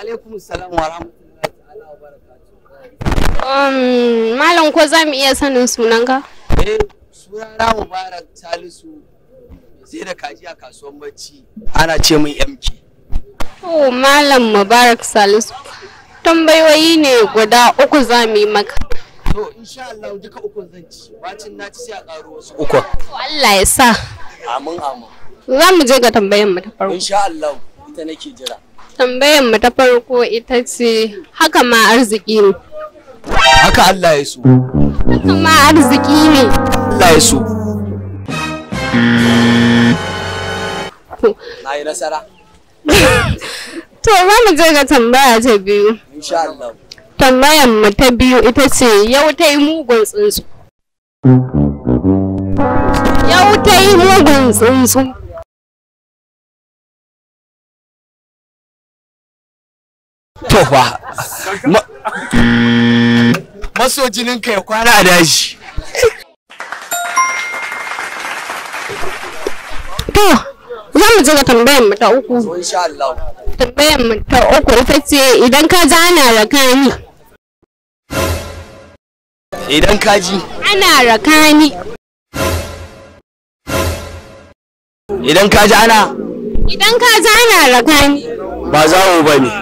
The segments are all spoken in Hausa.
alaikum salam wa rahmatullahi um, Malam ko za mu iya sanin sunanka? Eh, sunana Mubarak Talisu sai da kaji a kasuwan bacci ana ce mun MK. Oh, Malam Mubarak Salisu. Tambayoyi ne guda uku za mu yi maka. To, insha Allah duka uku zan ci. Bacin na ci sai a ƙaro wasu uku. Allah ya sa. Amin amin. Za mu je ga tambayan mu ta farko. Insha Allah, ita nake jira. Tambayan mu ta farko ita ce haka ma arziki ne haka Allah ya so haka ma arziki ne Allah ya so na yi nasara to za mu je ga tambaya ta biyu insha Allah Tambayan mu ta biyu ita ce yau ta yi mugun tsuntsu yau ta yi mugun tsuntsu to fa maso jinin ka ya kwana a daji to za mu je ga tambayar mu ta uku tambayar mu ta uku ita ce idan ka ji ana rakani idan ka ji ana rakani idan ka ji ana idan ka ji ana rakani ba za mu bane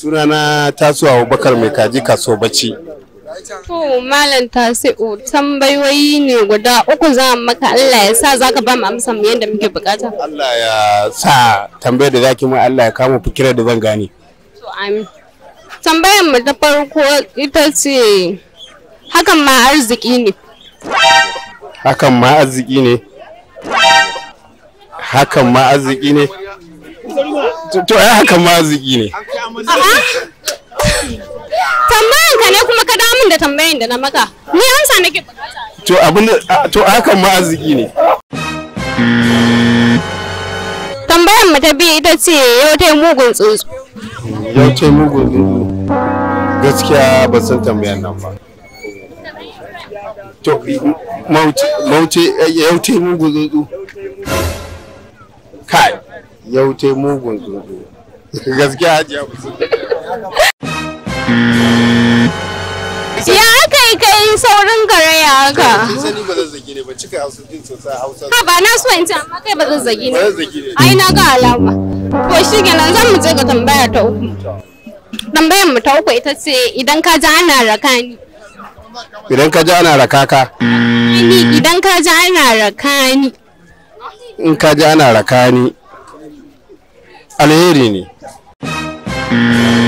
sunana taso abubakar mai kaji kaso bacci to malam tasi'u tambayoyi ne guda uku za maka Allah ya sa zaka ba mu amsa mu yanda muke bukata Allah ya sa tambayar da zaki mu Allah ya kama fikirar da zan gane to amin tambayar mu ta farko ita ce hakan ma arziki ne hakan ma arziki ne hakan ma arziki ne to ai hakan ma arziki ne Tambayan ka ne kuma ka damun da tambayan da na maka. Ni amsa nake bukata. To abin to hakan ma arziki ne. Tambayan mu ta biyu ita ce yau ta mugun tsuntsu. Yau ta mugun tsuntsu. Gaskiya ba san tambayan nan ba. To mauce yau ta mugun tsuntsu. Kai yau ta mugun tsuntsu. gaskiya hajiya ya aka yi kai saurin garaya haka sani ba zazzagi ne ba cika hausa din sosai hausa ba na so in ci amma kai ba zazzagi ne ai na ga alama to shi kenan zan mu je ga tambaya ta uku tambayar mu ta uku ita ce idan ka ji ana raka ni idan ka ji ana raka ka idan ka ji ana raka ni in ka ji ana raka ni alheri ne Música hum.